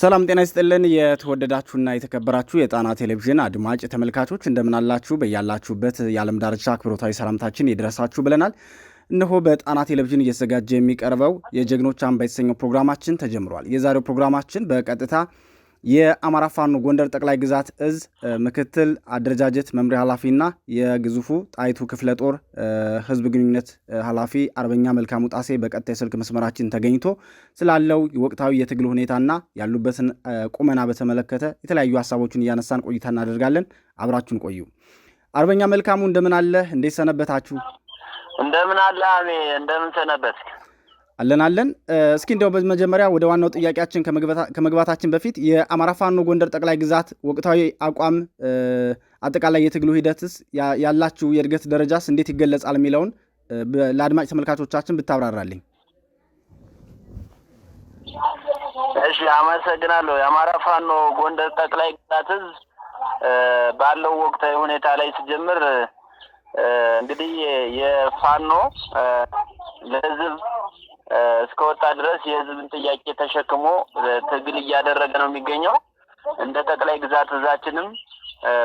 ሰላም ጤና ይስጥልን። የተወደዳችሁና የተከበራችሁ የጣና ቴሌቪዥን አድማጭ ተመልካቾች እንደምናላችሁ፣ በያላችሁበት የዓለም ዳርቻ አክብሮታዊ ሰላምታችን ይድረሳችሁ ብለናል። እነሆ በጣና ቴሌቪዥን እየተዘጋጀ የሚቀርበው የጀግኖች አምባ የተሰኘው ፕሮግራማችን ተጀምሯል። የዛሬው ፕሮግራማችን በቀጥታ የአማራ ፋኖ ጎንደር ጠቅላይ ግዛት እዝ ምክትል አደረጃጀት መምሪያ ኃላፊና የግዙፉ ጣይቱ ክፍለ ጦር ህዝብ ግንኙነት ኃላፊ አርበኛ መልካሙ ጣሴ በቀጥታ የስልክ መስመራችን ተገኝቶ ስላለው ወቅታዊ የትግል ሁኔታና ያሉበትን ቁመና በተመለከተ የተለያዩ ሀሳቦችን እያነሳን ቆይታ እናደርጋለን። አብራችሁን ቆዩ። አርበኛ መልካሙ እንደምን አለ? እንዴት ሰነበታችሁ? እንደምን አለ አሜ እንደምን ሰነበት አለናለን እስኪ እንዲያው በመጀመሪያ ወደ ዋናው ጥያቄያችን ከመግባታችን በፊት የአማራ ፋኖ ጎንደር ጠቅላይ ግዛት ወቅታዊ አቋም፣ አጠቃላይ የትግሉ ሂደትስ ያላችሁ የእድገት ደረጃስ እንዴት ይገለጻል የሚለውን ለአድማጭ ተመልካቾቻችን ብታብራራልኝ። እሺ፣ አመሰግናለሁ። የአማራ ፋኖ ጎንደር ጠቅላይ ግዛት እዝ ባለው ወቅታዊ ሁኔታ ላይ ሲጀምር እንግዲህ የፋኖ ለህዝብ እስከወጣ ድረስ የህዝብን ጥያቄ ተሸክሞ ትግል እያደረገ ነው የሚገኘው። እንደ ጠቅላይ ግዛት እዛችንም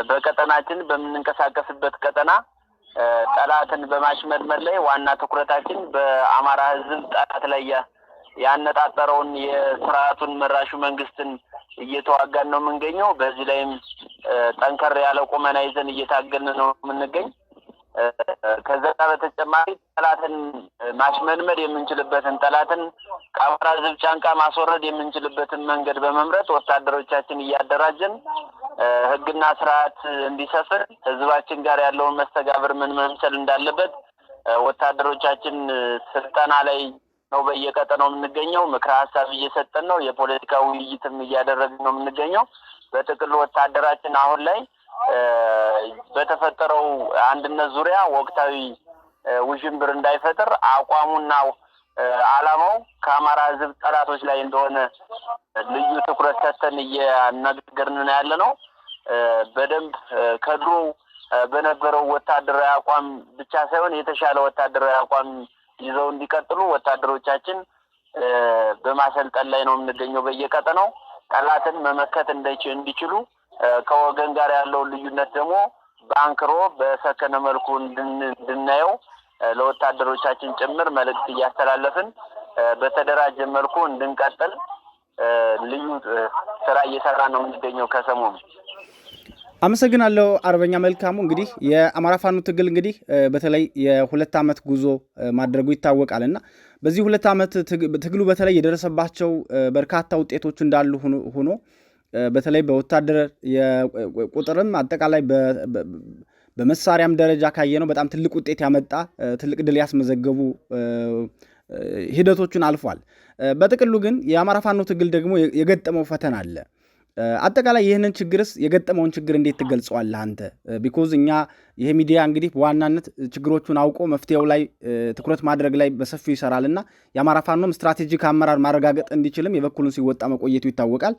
በቀጠናችን በምንንቀሳቀስበት ቀጠና ጠላትን በማሽመድመድ ላይ ዋና ትኩረታችን በአማራ ህዝብ ጠላት ላይ ያነጣጠረውን የስርዓቱን መራሹ መንግስትን እየተዋጋን ነው የምንገኘው። በዚህ ላይም ጠንከር ያለ ቁመና ይዘን እየታገልን ነው የምንገኝ። ከዛ በተጨማሪ ጠላትን ማሽመድመድ የምንችልበትን ጠላትን ከአማራ ህዝብ ጫንቃ ማስወረድ የምንችልበትን መንገድ በመምረጥ ወታደሮቻችን እያደራጀን ህግና ስርዓት እንዲሰፍን ህዝባችን ጋር ያለውን መስተጋብር ምን መምሰል እንዳለበት ወታደሮቻችን ስልጠና ላይ ነው። በየቀጠናው የምንገኘው ምክረ ሀሳብ እየሰጠን ነው። የፖለቲካ ውይይትም እያደረግን ነው የምንገኘው። በጥቅል ወታደራችን አሁን ላይ በተፈጠረው አንድነት ዙሪያ ወቅታዊ ውዥንብር እንዳይፈጥር አቋሙና ዓላማው ከአማራ ሕዝብ ጠላቶች ላይ እንደሆነ ልዩ ትኩረት ሰጥተን እየነገርን ያለ ነው። በደንብ ከድሮ በነበረው ወታደራዊ አቋም ብቻ ሳይሆን የተሻለ ወታደራዊ አቋም ይዘው እንዲቀጥሉ ወታደሮቻችን በማሰልጠን ላይ ነው የምንገኘው። በየቀጠናው ጠላትን መመከት እንዲችሉ ከወገን ጋር ያለውን ልዩነት ደግሞ በአንክሮ በሰከነ መልኩ እንድናየው ለወታደሮቻችን ጭምር መልእክት እያስተላለፍን በተደራጀ መልኩ እንድንቀጥል ልዩ ስራ እየሰራ ነው የሚገኘው። ከሰሞኑ አመሰግናለሁ አርበኛ መልካሙ። እንግዲህ የአማራ ፋኖ ትግል እንግዲህ በተለይ የሁለት ዓመት ጉዞ ማድረጉ ይታወቃል እና በዚህ ሁለት ዓመት ትግሉ በተለይ የደረሰባቸው በርካታ ውጤቶች እንዳሉ ሆኖ በተለይ በወታደር ቁጥርም አጠቃላይ በመሳሪያም ደረጃ ካየነው በጣም ትልቅ ውጤት ያመጣ ትልቅ ድል ያስመዘገቡ ሂደቶቹን አልፏል። በጥቅሉ ግን የአማራ ፋኖ ትግል ደግሞ የገጠመው ፈተና አለ። አጠቃላይ ይህንን ችግርስ የገጠመውን ችግር እንዴት ትገልጸዋለህ አንተ? ቢኮዝ እኛ ይህ ሚዲያ እንግዲህ በዋናነት ችግሮቹን አውቆ መፍትሄው ላይ ትኩረት ማድረግ ላይ በሰፊው ይሰራልና የአማራ ፋኖም ስትራቴጂክ አመራር ማረጋገጥ እንዲችልም የበኩሉን ሲወጣ መቆየቱ ይታወቃል።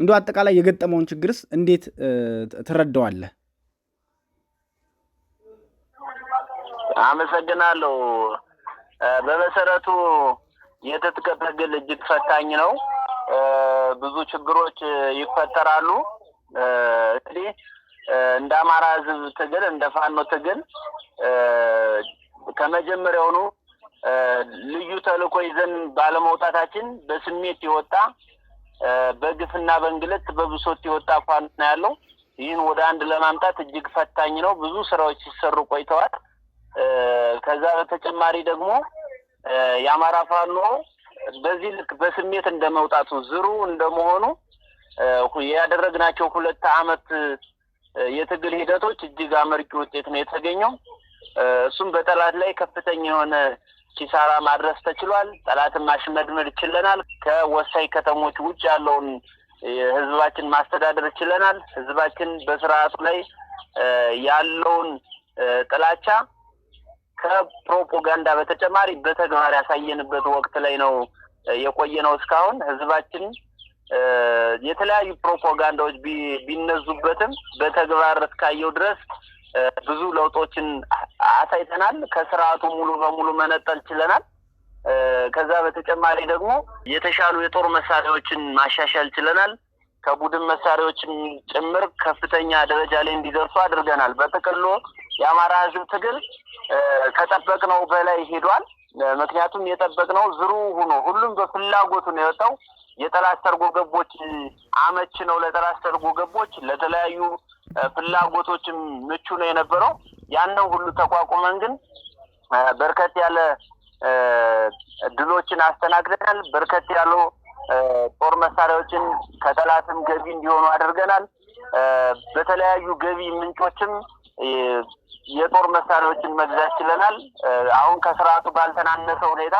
እንደ አጠቃላይ የገጠመውን ችግርስ እንዴት ትረዳዋለህ? አመሰግናለሁ። በመሰረቱ የትጥቅ ትግል እጅግ ፈታኝ ነው። ብዙ ችግሮች ይፈጠራሉ። እንግዲህ እንደ አማራ ሕዝብ ትግል እንደ ፋኖ ትግል ከመጀመሪያውኑ ልዩ ተልዕኮ ይዘን ባለመውጣታችን በስሜት የወጣ በግፍና በእንግልት በብሶት የወጣ ፋኖ ያለው ይህን ወደ አንድ ለማምጣት እጅግ ፈታኝ ነው። ብዙ ስራዎች ሲሰሩ ቆይተዋል። ከዛ በተጨማሪ ደግሞ የአማራ ፋኖ በዚህ ልክ በስሜት እንደመውጣቱ ዝሩ እንደመሆኑ ያደረግናቸው ሁለት አመት የትግል ሂደቶች እጅግ አመርቂ ውጤት ነው የተገኘው። እሱም በጠላት ላይ ከፍተኛ የሆነ ኪሳራ ማድረስ ተችሏል። ጠላትን ማሽመድመድ ችለናል። ከወሳኝ ከተሞች ውጭ ያለውን ህዝባችን ማስተዳደር ችለናል። ህዝባችን በስርዓቱ ላይ ያለውን ጥላቻ ከፕሮፓጋንዳ በተጨማሪ በተግባር ያሳየንበት ወቅት ላይ ነው የቆየ ነው። እስካሁን ህዝባችን የተለያዩ ፕሮፓጋንዳዎች ቢነዙበትም በተግባር እስካየው ድረስ ብዙ ለውጦችን አሳይተናል። ከስርዓቱ ሙሉ በሙሉ መነጠል ችለናል። ከዛ በተጨማሪ ደግሞ የተሻሉ የጦር መሳሪያዎችን ማሻሻል ችለናል። ከቡድን መሳሪያዎችን ጭምር ከፍተኛ ደረጃ ላይ እንዲደርሱ አድርገናል። በጥቅሉ የአማራ ሕዝብ ትግል ከጠበቅነው በላይ ሄዷል። ምክንያቱም የጠበቅነው ዝሩ ሆኖ ሁሉም በፍላጎቱ ነው የወጣው። የጠላት ሰርጎ ገቦች አመች ነው ለጠላት ሰርጎ ገቦች ለተለያዩ ፍላጎቶችም ምቹ ነው የነበረው። ያንን ሁሉ ተቋቁመን ግን በርከት ያለ ድሎችን አስተናግደናል። በርከት ያሉ ጦር መሳሪያዎችን ከጠላትም ገቢ እንዲሆኑ አድርገናል። በተለያዩ ገቢ ምንጮችም የጦር መሳሪያዎችን መግዛት ችለናል። አሁን ከስርዓቱ ባልተናነሰ ሁኔታ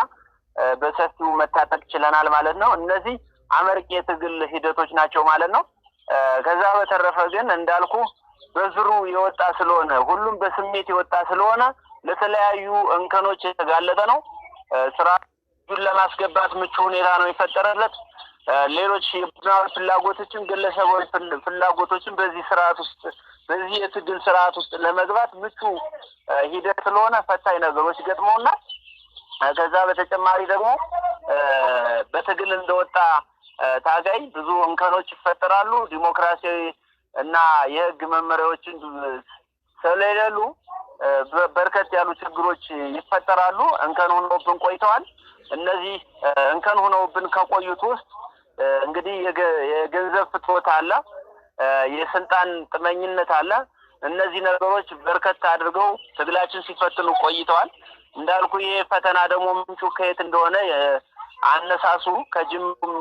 በሰፊው መታጠቅ ችለናል ማለት ነው። እነዚህ አመርቂ የትግል ሂደቶች ናቸው ማለት ነው። ከዛ በተረፈ ግን እንዳልኩ በዝሩ የወጣ ስለሆነ ሁሉም በስሜት የወጣ ስለሆነ ለተለያዩ እንከኖች የተጋለጠ ነው። ስራጁን ለማስገባት ምቹ ሁኔታ ነው የፈጠረለት። ሌሎች የቡድናዊ ፍላጎቶችም ግለሰባዊ ፍላጎቶችም በዚህ ስርዓት ውስጥ በዚህ የትግል ስርዓት ውስጥ ለመግባት ምቹ ሂደት ስለሆነ ፈታኝ ነገሮች ገጥመውና ከዛ በተጨማሪ ደግሞ በትግል እንደወጣ ታጋይ ብዙ እንከኖች ይፈጠራሉ። ዲሞክራሲያዊ እና የህግ መመሪያዎችን ስለሌሉ በርከት ያሉ ችግሮች ይፈጠራሉ። እንከን ሆነውብን ቆይተዋል። እነዚህ እንከን ሆነውብን ከቆዩት ውስጥ እንግዲህ የገንዘብ ፍትወት አለ፣ የስልጣን ጥመኝነት አለ። እነዚህ ነገሮች በርከት አድርገው ትግላችን ሲፈትኑ ቆይተዋል። እንዳልኩ ይሄ ፈተና ደግሞ ምንጩ ከየት እንደሆነ አነሳሱ ከጅምሩም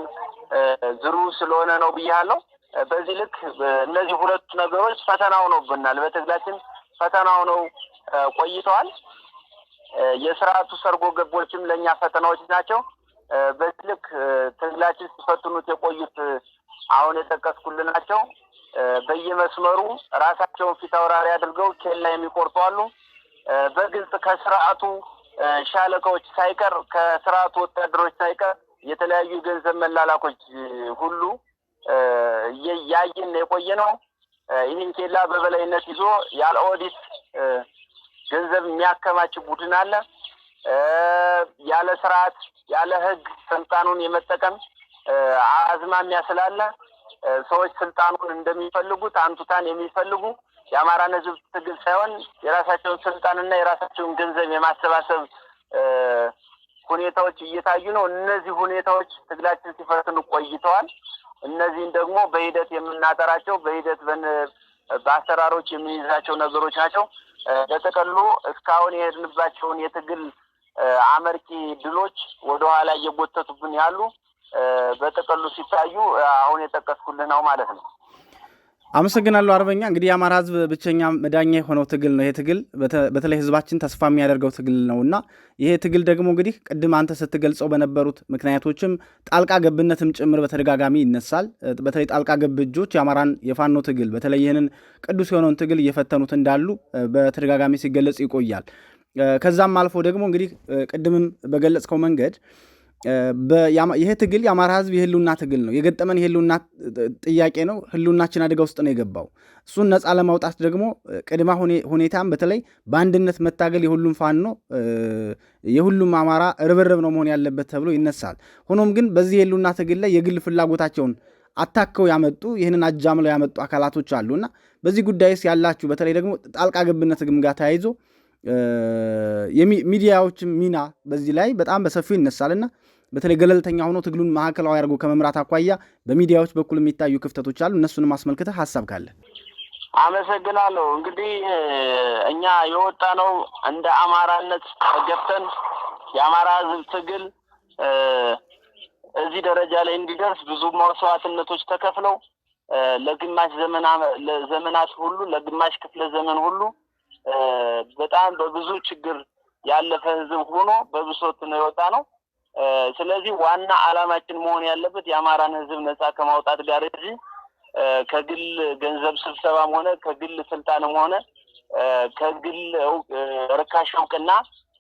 ዝሩ ስለሆነ ነው ብያለው። በዚህ ልክ እነዚህ ሁለቱ ነገሮች ፈተና ሆነውብናል። በትግላችን ፈተና ሆነው ቆይተዋል። የስርዓቱ ሰርጎ ገቦችም ለእኛ ፈተናዎች ናቸው። በዚህ ልክ ትግላችን ሲፈትኑት የቆዩት አሁን የጠቀስኩልን ናቸው። በየመስመሩ ራሳቸውን ፊት አውራሪ አድርገው ኬላ የሚቆርጡ አሉ። በግልጽ ከስርዓቱ ሻለቃዎች ሳይቀር ከስርዓቱ ወታደሮች ሳይቀር የተለያዩ ገንዘብ መላላኮች ሁሉ እያየን የቆየ ነው። ይህን ኬላ በበላይነት ይዞ ያለ ኦዲት ገንዘብ የሚያከማች ቡድን አለ። ያለ ስርዓት ያለ ህግ ስልጣኑን የመጠቀም አዝማሚያ ስላለ ሰዎች ስልጣኑን እንደሚፈልጉት አንቱታን የሚፈልጉ የአማራን ህዝብ ትግል ሳይሆን የራሳቸውን ስልጣንና የራሳቸውን ገንዘብ የማሰባሰብ ሁኔታዎች እየታዩ ነው። እነዚህ ሁኔታዎች ትግላችን ሲፈትኑ ቆይተዋል። እነዚህን ደግሞ በሂደት የምናጠራቸው በሂደት በአሰራሮች የምንይዛቸው ነገሮች ናቸው። በጥቅሉ እስካሁን የሄድንባቸውን የትግል አመርቂ ድሎች ወደኋላ እየጎተቱብን ያሉ በጥቅሉ ሲታዩ አሁን የጠቀስኩልህ ነው ማለት ነው። አመሰግናለሁ አርበኛ። እንግዲህ የአማራ ህዝብ ብቸኛ መዳኛ የሆነው ትግል ነው ይሄ ትግል፣ በተለይ ህዝባችን ተስፋ የሚያደርገው ትግል ነው እና ይሄ ትግል ደግሞ እንግዲህ ቅድም አንተ ስትገልጸው በነበሩት ምክንያቶችም ጣልቃ ገብነትም ጭምር በተደጋጋሚ ይነሳል። በተለይ ጣልቃ ገብ እጆች የአማራን የፋኖ ትግል በተለይ ይህንን ቅዱስ የሆነውን ትግል እየፈተኑት እንዳሉ በተደጋጋሚ ሲገለጽ ይቆያል። ከዛም አልፎ ደግሞ እንግዲህ ቅድምም በገለጽከው መንገድ ይሄ ትግል የአማራ ህዝብ የህልውና ትግል ነው። የገጠመን የህልውና ጥያቄ ነው። ህልውናችን አደጋ ውስጥ ነው የገባው። እሱን ነፃ ለማውጣት ደግሞ ቅድማ ሁኔታም በተለይ በአንድነት መታገል የሁሉም ፋኖ የሁሉም አማራ ርብርብ ነው መሆን ያለበት ተብሎ ይነሳል። ሆኖም ግን በዚህ የህልውና ትግል ላይ የግል ፍላጎታቸውን አታከው ያመጡ ይህንን አጃምለው ያመጡ አካላቶች እና በዚህ ጉዳይስ ያላችሁ በተለይ ደግሞ ጣልቃ ገብነት ግምጋ ተያይዞ ሚዲያዎችም ሚና በዚህ ላይ በጣም በሰፊው ይነሳልና በተለይ ገለልተኛ ሆኖ ትግሉን ማዕከላዊ አድርጎ ከመምራት አኳያ በሚዲያዎች በኩል የሚታዩ ክፍተቶች አሉ። እነሱንም አስመልክተህ ሀሳብ ካለ አመሰግናለሁ። እንግዲህ እኛ የወጣ ነው እንደ አማራነት ተገብተን የአማራ ሕዝብ ትግል እዚህ ደረጃ ላይ እንዲደርስ ብዙ መስዋዕትነቶች ተከፍለው ለግማሽ ዘመናት ሁሉ ለግማሽ ክፍለ ዘመን ሁሉ በጣም በብዙ ችግር ያለፈ ሕዝብ ሆኖ በብሶት ነው የወጣ ነው። ስለዚህ ዋና አላማችን መሆን ያለበት የአማራን ህዝብ ነጻ ከማውጣት ጋር እንጂ ከግል ገንዘብ ስብሰባም ሆነ ከግል ስልጣንም ሆነ ከግል ርካሽ እውቅና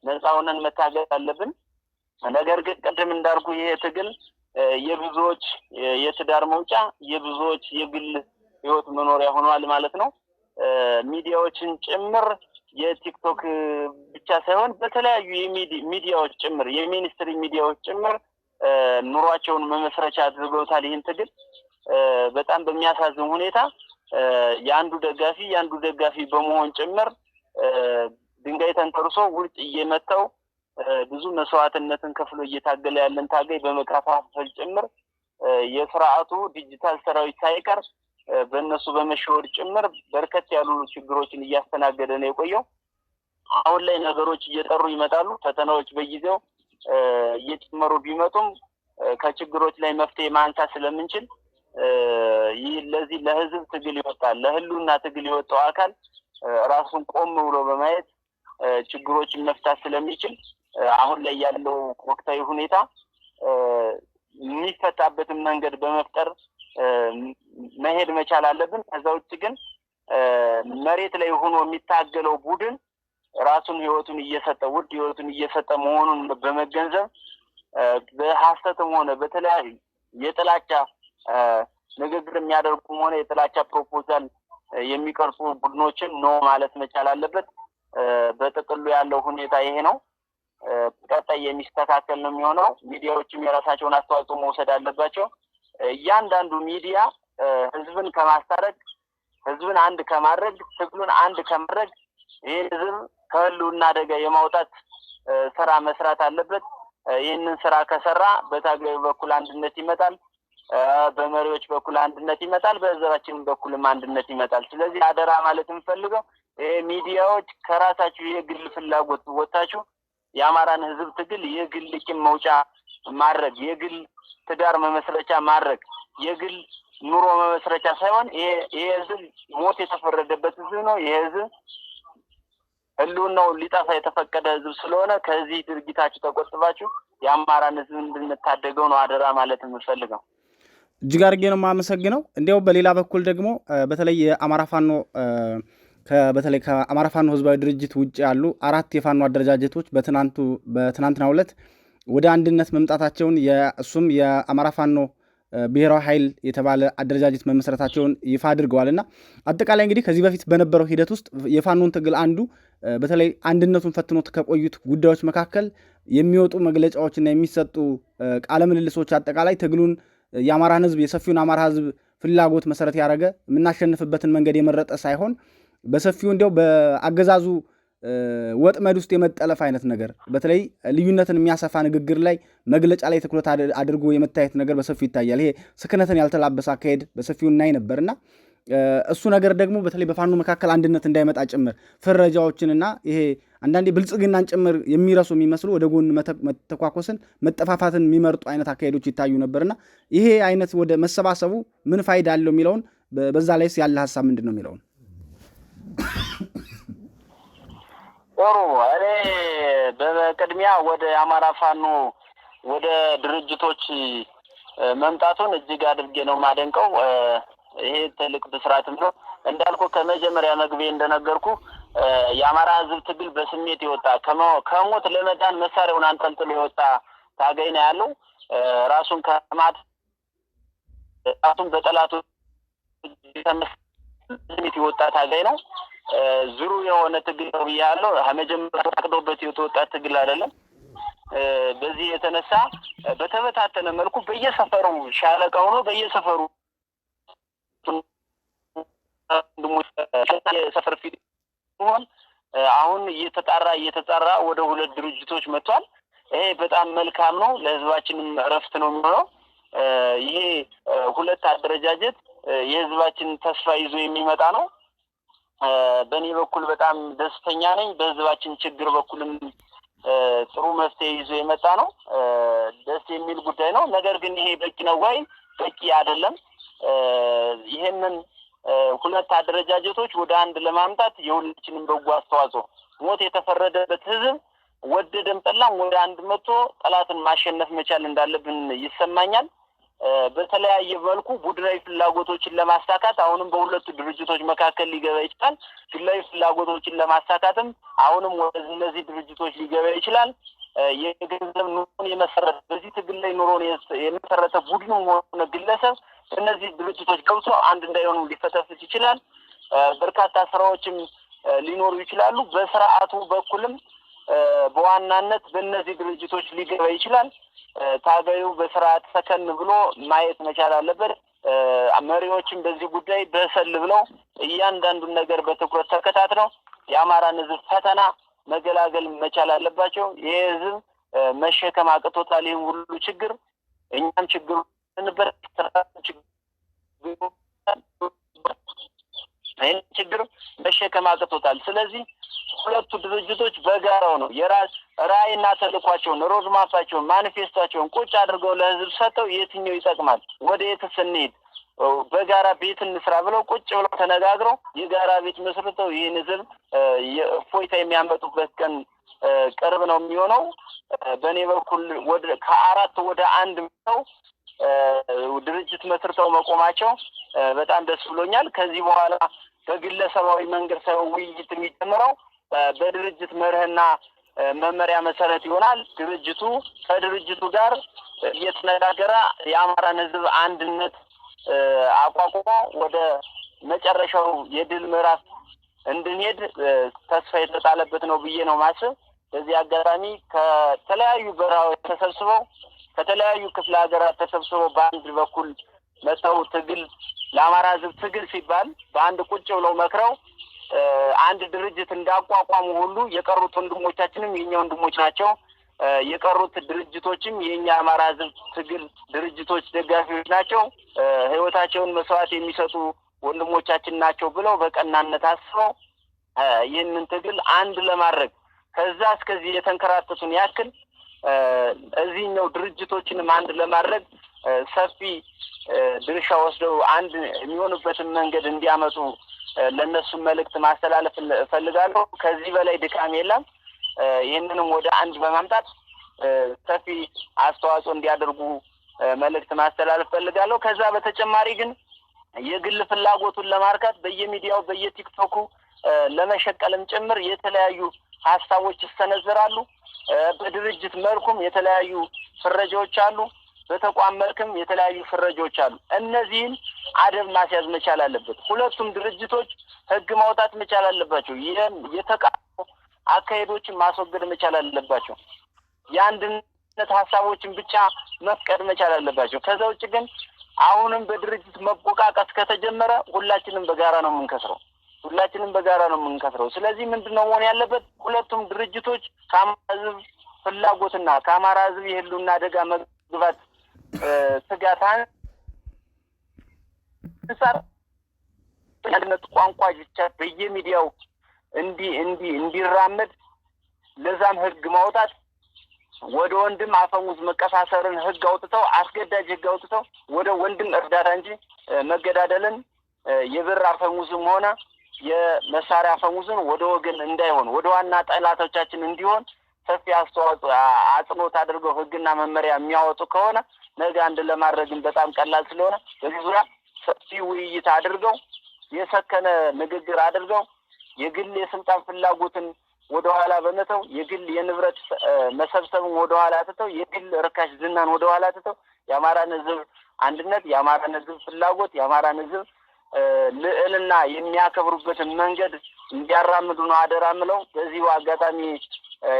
ነጻ ሆነን መታገል አለብን። ነገር ግን ቅድም እንዳልኩ ይሄ ትግል የብዙዎች የትዳር መውጫ፣ የብዙዎች የግል ህይወት መኖሪያ ሆኗል ማለት ነው። ሚዲያዎችን ጭምር የቲክቶክ ብቻ ሳይሆን በተለያዩ ሚዲያዎች ጭምር የሚኒስትሪ ሚዲያዎች ጭምር ኑሯቸውን መመስረቻ አድርገውታል። ይህን ትግል በጣም በሚያሳዝን ሁኔታ የአንዱ ደጋፊ የአንዱ ደጋፊ በመሆን ጭምር ድንጋይ ተንተርሶ ውርጭ እየመታው ብዙ መስዋዕትነትን ከፍሎ እየታገለ ያለን ታጋይ በመከፋፈል ጭምር የስርዓቱ ዲጂታል ሰራዊት ሳይቀር በእነሱ በመሸወድ ጭምር በርከት ያሉ ችግሮችን እያስተናገደ ነው የቆየው። አሁን ላይ ነገሮች እየጠሩ ይመጣሉ። ፈተናዎች በጊዜው እየጨመሩ ቢመጡም ከችግሮች ላይ መፍትሄ ማንሳት ስለምንችል ይህ ለዚህ ለህዝብ ትግል ይወጣል ለህሉና ትግል የወጣው አካል ራሱን ቆም ብሎ በማየት ችግሮችን መፍታት ስለሚችል አሁን ላይ ያለው ወቅታዊ ሁኔታ የሚፈታበትን መንገድ በመፍጠር መሄድ መቻል አለብን። ከዛ ውጭ ግን መሬት ላይ ሆኖ የሚታገለው ቡድን ራሱን ህይወቱን እየሰጠ ውድ ህይወቱን እየሰጠ መሆኑን በመገንዘብ በሀሰትም ሆነ በተለያዩ የጥላቻ ንግግር የሚያደርጉም ሆነ የጥላቻ ፕሮፖዛል የሚቀርጹ ቡድኖችን ኖ ማለት መቻል አለበት። በጥቅሉ ያለው ሁኔታ ይሄ ነው። ቀጣይ የሚስተካከል ነው የሚሆነው። ሚዲያዎችም የራሳቸውን አስተዋጽኦ መውሰድ አለባቸው። እያንዳንዱ ሚዲያ ህዝብን ከማስታረቅ ህዝብን አንድ ከማድረግ ትግሉን አንድ ከማድረግ ይህን ህዝብ ከህልውና አደጋ የማውጣት ስራ መስራት አለበት። ይህንን ስራ ከሰራ በታጋዩ በኩል አንድነት ይመጣል፣ በመሪዎች በኩል አንድነት ይመጣል፣ በህዝባችን በኩልም አንድነት ይመጣል። ስለዚህ አደራ ማለት የምፈልገው ይህ ሚዲያዎች ከራሳችሁ የግል ፍላጎት ወታችሁ የአማራን ህዝብ ትግል የግል ቂም መውጫ ማድረግ፣ የግል ትዳር መመስረቻ ማድረግ፣ የግል ኑሮ መመስረቻ ሳይሆን ይሄ ህዝብ ሞት የተፈረደበት ህዝብ ነው። ይሄ ህዝብ ህልውናው ሊጠፋ የተፈቀደ ህዝብ ስለሆነ ከዚህ ድርጊታችሁ ተቆጥባችሁ የአማራን ህዝብ እንድንታደገው ነው አደራ ማለት የምፈልገው። እጅግ አድርጌ ነው የማመሰግነው። እንዲያው በሌላ በኩል ደግሞ በተለይ የአማራ ፋኖ በተለይ ከአማራ ፋኖ ህዝባዊ ድርጅት ውጭ ያሉ አራት የፋኖ አደረጃጀቶች በትናንቱ በትናንትናው ዕለት ወደ አንድነት መምጣታቸውን እሱም የአማራ ፋኖ ብሔራዊ ኃይል የተባለ አደረጃጀት መመስረታቸውን ይፋ እና አጠቃላይ እንግዲህ ከዚህ በፊት በነበረው ሂደት ውስጥ የፋኖን ትግል አንዱ በተለይ አንድነቱን ፈትኖት ከቆዩት ጉዳዮች መካከል የሚወጡ መግለጫዎችና የሚሰጡ ቃለምልልሶች አጠቃላይ ትግሉን የአማራን ህዝብ የሰፊውን አማራ ህዝብ ፍላጎት መሰረት ያደረገ የምናሸንፍበትን መንገድ የመረጠ ሳይሆን በሰፊው እንዲያው በአገዛዙ ወጥመድ ውስጥ የመጠለፍ አይነት ነገር በተለይ ልዩነትን የሚያሰፋ ንግግር ላይ መግለጫ ላይ ትኩረት አድርጎ የመታየት ነገር በሰፊው ይታያል። ይሄ ስክነትን ያልተላበሰ አካሄድ በሰፊው እናይ እና እሱ ነገር ደግሞ በተለይ በፋኖ መካከል አንድነት እንዳይመጣ ጭምር ፍረጃዎችንና ይሄ አንዳንዴ ብልጽግናን ጭምር የሚረሱ የሚመስሉ ወደ ጎን መተኳኮስን፣ መጠፋፋትን የሚመርጡ አይነት አካሄዶች ይታዩ ነበርና ይሄ አይነት ወደ መሰባሰቡ ምን ፋይዳ አለው የሚለውን በዛ ላይስ ያለ ሀሳብ ምንድን ነው የሚለውን ጥሩ። እኔ በቅድሚያ ወደ አማራ ፋኖ ወደ ድርጅቶች መምጣቱን እጅግ አድርጌ ነው የማደንቀው። ይሄ ትልቅ ብስራትም ነው። እንዳልኩ ከመጀመሪያ መግቤ እንደነገርኩ የአማራ ሕዝብ ትግል በስሜት የወጣ ከሞት ለመዳን መሳሪያውን አንጠልጥሎ የወጣ ታገኝ ነው ያለው። ራሱን ከማት ራሱን በጠላቱ ስሜት የወጣ ታገኝ ነው። ዝሩ የሆነ ትግል ነው ብያለሁ። መጀመሪያ ተፈቅዶበት የተወጣ ትግል አይደለም። በዚህ የተነሳ በተበታተነ መልኩ በየሰፈሩ ሻለቃ ሆኖ በየሰፈሩ የሰፈር ፊት ሆን አሁን እየተጣራ እየተጣራ ወደ ሁለት ድርጅቶች መጥቷል። ይሄ በጣም መልካም ነው፣ ለህዝባችንም እረፍት ነው የሚሆነው። ይሄ ሁለት አደረጃጀት የህዝባችን ተስፋ ይዞ የሚመጣ ነው። በእኔ በኩል በጣም ደስተኛ ነኝ። በህዝባችን ችግር በኩልም ጥሩ መፍትሄ ይዞ የመጣ ነው። ደስ የሚል ጉዳይ ነው። ነገር ግን ይሄ በቂ ነው ወይ? በቂ አይደለም። ይህንን ሁለት አደረጃጀቶች ወደ አንድ ለማምጣት የሁላችንም በጎ አስተዋጽኦ ሞት የተፈረደበት ህዝብ ወደደም ጠላም ወደ አንድ መጥቶ ጠላትን ማሸነፍ መቻል እንዳለብን ይሰማኛል። በተለያየ መልኩ ቡድናዊ ፍላጎቶችን ለማሳካት አሁንም በሁለቱ ድርጅቶች መካከል ሊገባ ይችላል። ግላዊ ፍላጎቶችን ለማሳካትም አሁንም ወደ እነዚህ ድርጅቶች ሊገባ ይችላል። የገንዘብ ኑሮን የመሰረተ በዚህ ትግል ላይ ኑሮን የመሰረተ ቡድኑ ሆነ ግለሰብ እነዚህ ድርጅቶች ገብቶ አንድ እንዳይሆኑ ሊፈተፍት ይችላል። በርካታ ስራዎችም ሊኖሩ ይችላሉ። በስርዓቱ በኩልም በዋናነት በእነዚህ ድርጅቶች ሊገባ ይችላል። ታጋዩ በስርዓት ሰከን ብሎ ማየት መቻል አለበት። መሪዎችም በዚህ ጉዳይ በሰል ብለው እያንዳንዱን ነገር በትኩረት ተከታትለው የአማራን ሕዝብ ፈተና መገላገል መቻል አለባቸው። ይህ ሕዝብ መሸከም አቅቶታል። ይህም ሁሉ ችግር እኛም ችግሩ ንበር ችግር መሸከም አቅቶታል። ስለዚህ ሁለቱ ድርጅቶች በጋራው ነው የራስ ራዕይና ተልኳቸውን ሮድማፓቸውን ማኒፌስታቸውን ቁጭ አድርገው ለህዝብ ሰጥተው የትኛው ይጠቅማል፣ ወደ የትስ እንሂድ፣ በጋራ ቤት እንስራ ብለው ቁጭ ብለው ተነጋግረው የጋራ ቤት መስርተው ይህን ህዝብ እፎይታ የሚያመጡበት ቀን ቅርብ ነው የሚሆነው። በእኔ በኩል ከአራት ወደ አንድ ሰው ድርጅት መስርተው መቆማቸው በጣም ደስ ብሎኛል። ከዚህ በኋላ በግለሰባዊ መንገድ ሳይሆን ውይይት የሚጀምረው በድርጅት መርህና መመሪያ መሰረት ይሆናል። ድርጅቱ ከድርጅቱ ጋር እየተነጋገረ የአማራን ሕዝብ አንድነት አቋቁሞ ወደ መጨረሻው የድል ምዕራፍ እንድንሄድ ተስፋ የተጣለበት ነው ብዬ ነው ማስብ። በዚህ አጋጣሚ ከተለያዩ በረሃዎች ተሰብስበው ከተለያዩ ክፍለ ሀገራት ተሰብስበው በአንድ በኩል መተው ትግል ለአማራ ሕዝብ ትግል ሲባል በአንድ ቁጭ ብለው መክረው አንድ ድርጅት እንዳቋቋሙ ሁሉ የቀሩት ወንድሞቻችንም የኛ ወንድሞች ናቸው። የቀሩት ድርጅቶችም የእኛ አማራ ሕዝብ ትግል ድርጅቶች ደጋፊዎች ናቸው። ህይወታቸውን መስዋዕት የሚሰጡ ወንድሞቻችን ናቸው ብለው በቀናነት አስበው ይህንን ትግል አንድ ለማድረግ ከዛ እስከዚህ የተንከራተቱን ያክል እዚህኛው ድርጅቶችንም አንድ ለማድረግ ሰፊ ድርሻ ወስደው አንድ የሚሆኑበትን መንገድ እንዲያመጡ ለእነሱም መልእክት ማስተላለፍ እፈልጋለሁ። ከዚህ በላይ ድካም የለም። ይህንንም ወደ አንድ በማምጣት ሰፊ አስተዋጽኦ እንዲያደርጉ መልእክት ማስተላለፍ እፈልጋለሁ። ከዛ በተጨማሪ ግን የግል ፍላጎቱን ለማርካት በየሚዲያው በየቲክቶኩ ለመሸቀልም ጭምር የተለያዩ ሀሳቦች ይሰነዝራሉ። በድርጅት መልኩም የተለያዩ ፍረጃዎች አሉ። በተቋም መልክም የተለያዩ ፍረጆች አሉ። እነዚህን አደብ ማስያዝ መቻል አለበት። ሁለቱም ድርጅቶች ህግ ማውጣት መቻል አለባቸው። ይህም የተቃውሞ አካሄዶችን ማስወገድ መቻል አለባቸው። የአንድነት ሀሳቦችን ብቻ መፍቀድ መቻል አለባቸው። ከዛ ውጭ ግን አሁንም በድርጅት መቆቃቀስ ከተጀመረ ሁላችንም በጋራ ነው የምንከስረው። ሁላችንም በጋራ ነው የምንከስረው። ስለዚህ ምንድን ነው መሆን ያለበት? ሁለቱም ድርጅቶች ከአማራ ህዝብ ፍላጎትና ከአማራ ህዝብ የህልውና አደጋ መግባት ስጋታን አንጻር ቋንቋ ብቻ በየሚዲያው እንዲ እንዲ እንዲራመድ ለዛም ህግ ማውጣት ወደ ወንድም አፈሙዝ መቀሳሰርን ህግ አውጥተው አስገዳጅ ህግ አውጥተው ወደ ወንድም እርዳታ እንጂ መገዳደልን የብር አፈሙዝም ሆነ የመሳሪያ አፈሙዝን ወደ ወገን እንዳይሆን ወደ ዋና ጠላቶቻችን እንዲሆን ሰፊ አስተዋጽኦ አጽንኦት አድርገው ህግና መመሪያ የሚያወጡ ከሆነ ነገ አንድ ለማድረግም በጣም ቀላል ስለሆነ በዚህ ዙሪያ ሰፊ ውይይት አድርገው የሰከነ ንግግር አድርገው የግል የስልጣን ፍላጎትን ወደኋላ በመተው የግል የንብረት መሰብሰብን ወደኋላ ትተው የግል ርካሽ ዝናን ወደኋላ ትተው የአማራን ህዝብ አንድነት የአማራን ህዝብ ፍላጎት የአማራን ህዝብ ልዕልና የሚያከብሩበትን መንገድ እንዲያራምዱ ነው አደራ ምለው። በዚሁ አጋጣሚ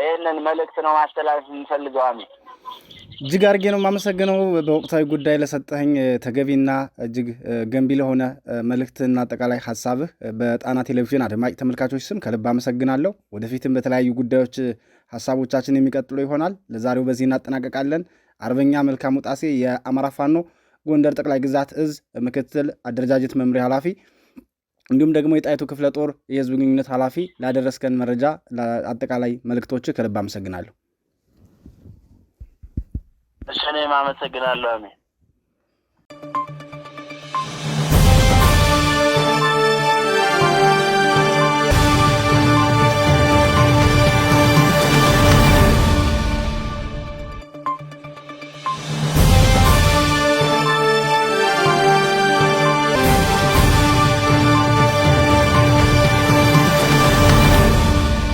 ይህንን መልእክት ነው ማስተላለፍ የምፈልገው። አሜን። እጅግ አድርጌ ነው የማመሰግነው በወቅታዊ ጉዳይ ለሰጠኝ ተገቢና እጅግ ገንቢ ለሆነ መልእክትና አጠቃላይ ሀሳብህ በጣና ቴሌቪዥን አድማጭ ተመልካቾች ስም ከልብ አመሰግናለሁ። ወደፊትም በተለያዩ ጉዳዮች ሀሳቦቻችን የሚቀጥሉ ይሆናል። ለዛሬው በዚህ እናጠናቀቃለን። አርበኛ መልካሙ ጣሴ የአማራ ፋኖ ጎንደር ጠቅላይ ግዛት እዝ ምክትል አደረጃጀት መምሪያ ኃላፊ እንዲሁም ደግሞ የጣይቱ ክፍለ ጦር የህዝብ ግንኙነት ኃላፊ ላደረስከን መረጃ አጠቃላይ መልእክቶች ከልብ አመሰግናለሁ። እሺ እኔም አመሰግናለሁ። አሜን።